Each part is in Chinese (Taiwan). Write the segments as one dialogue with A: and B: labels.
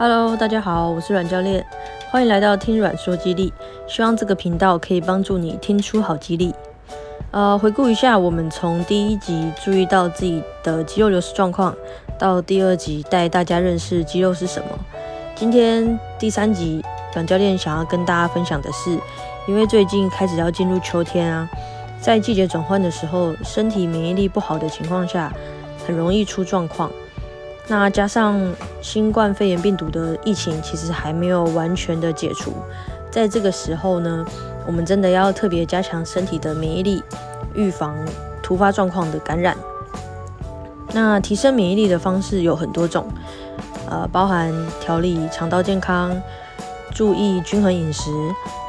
A: 哈嘍，大家好，我是阮教練，歡迎來到聽阮說肌力。希望這個頻道可以幫助你聽出好肌力。呃，回顧一下，我們從第一集注意到自己的肌肉流失狀況，到第二集帶大家認識肌肉是什麼。今天第三集，阮教練想要跟大家分享的是，因為最近開始要進入秋天啊，在季節轉換的時候，身體免疫力不好的情況下，很容易出狀況。那加上新冠肺炎病毒的疫情，其實還沒有完全的解除。在這個時候呢，我們真的要特別加強身體的免疫力，預防突發狀況的感染。那提升免疫力的方式有很多種，呃，包含調理腸道健康、注意均衡飲食，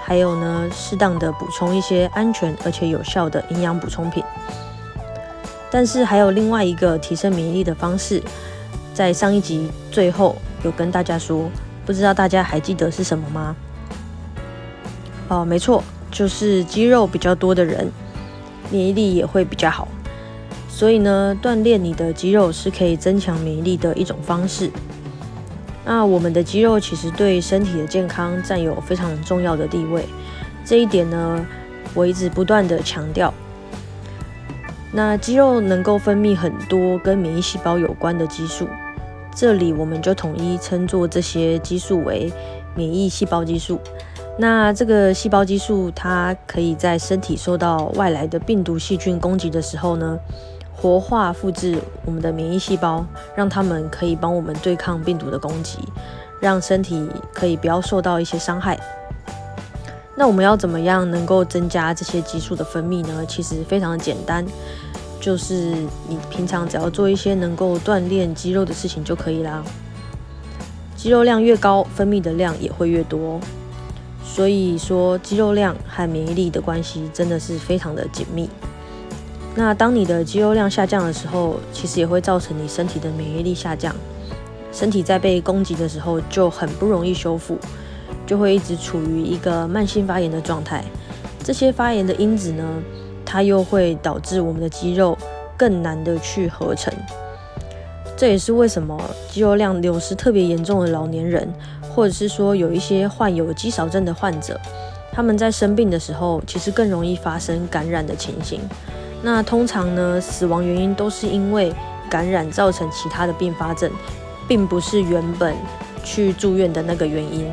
A: 還有呢，適當的補充一些安全而且有效的營養補充品。但是還有另外一個提升免疫力的方式。在上一集最後有跟大家說，不知道大家還記得是什麼嗎？哦，沒錯，就是肌肉比較多的人，免疫力也會比較好。所以呢，鍛鍊你的肌肉是可以增強免疫力的一種方式。那我們的肌肉其實對身體的健康佔有非常重要的地位，這一點呢，我一直不斷的強調。那肌肉能夠分泌很多跟免疫細胞有關的激素。這裡我們就統一稱作這些激素為免疫細胞激素。那這個細胞激素它可以在身體受到外來的病毒細菌攻擊的時候呢，活化複製我們的免疫細胞，讓它們可以幫我們對抗病毒的攻擊，讓身體可以不要受到一些傷害。那我們要怎麼樣能夠增加這些激素的分泌呢？其實非常的簡單。就是你平常只要做一些能夠鍛鍊肌肉的事情就可以啦。肌肉量越高，分泌的量也會越多。所以說，肌肉量和免疫力的關係真的是非常的緊密。那當你的肌肉量下降的時候，其實也會造成你身體的免疫力下降，身體在被攻擊的時候就很不容易修復，就會一直處於一個慢性發炎的狀態。這些發炎的因子呢，它又會導致我們的肌肉更難的去合成，這也是為什麼肌肉量流失特別嚴重的老年人，或者是說有一些患有肌少症的患者，他們在生病的時候其實更容易發生感染的情形。那通常呢，死亡原因都是因為感染造成其他的併發症，並不是原本去住院的那個原因。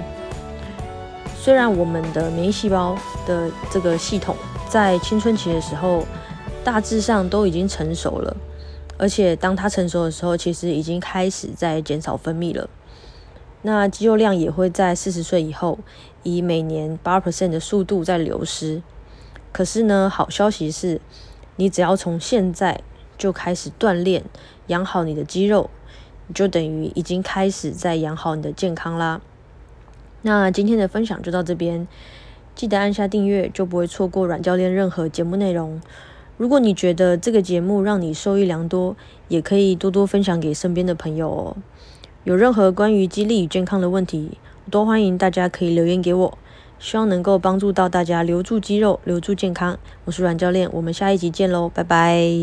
A: 雖然我們的免疫細胞的這個系統，在青春期的時候，大致上都已經成熟了，而且當它成熟的時候，其實已經開始在減少分泌了。那肌肉量也會在四十歲以後，以每年八 percent 的速度在流失。可是呢，好消息是，你只要從現在就開始鍛鍊，養好你的肌肉，你就等於已經開始在養好你的健康啦。那今天的分享就到這邊。記得按下訂閱，就不會錯過軟教練任何節目內容。如果你覺得這個節目讓你受益良多，也可以多多分享給身邊的朋友哦。有任何關於肌力與健康的問題，都歡迎大家可以留言給我，希望能夠幫助到大家留住肌肉，留住健康。我是軟教練，我們下一集見嘍，拜拜。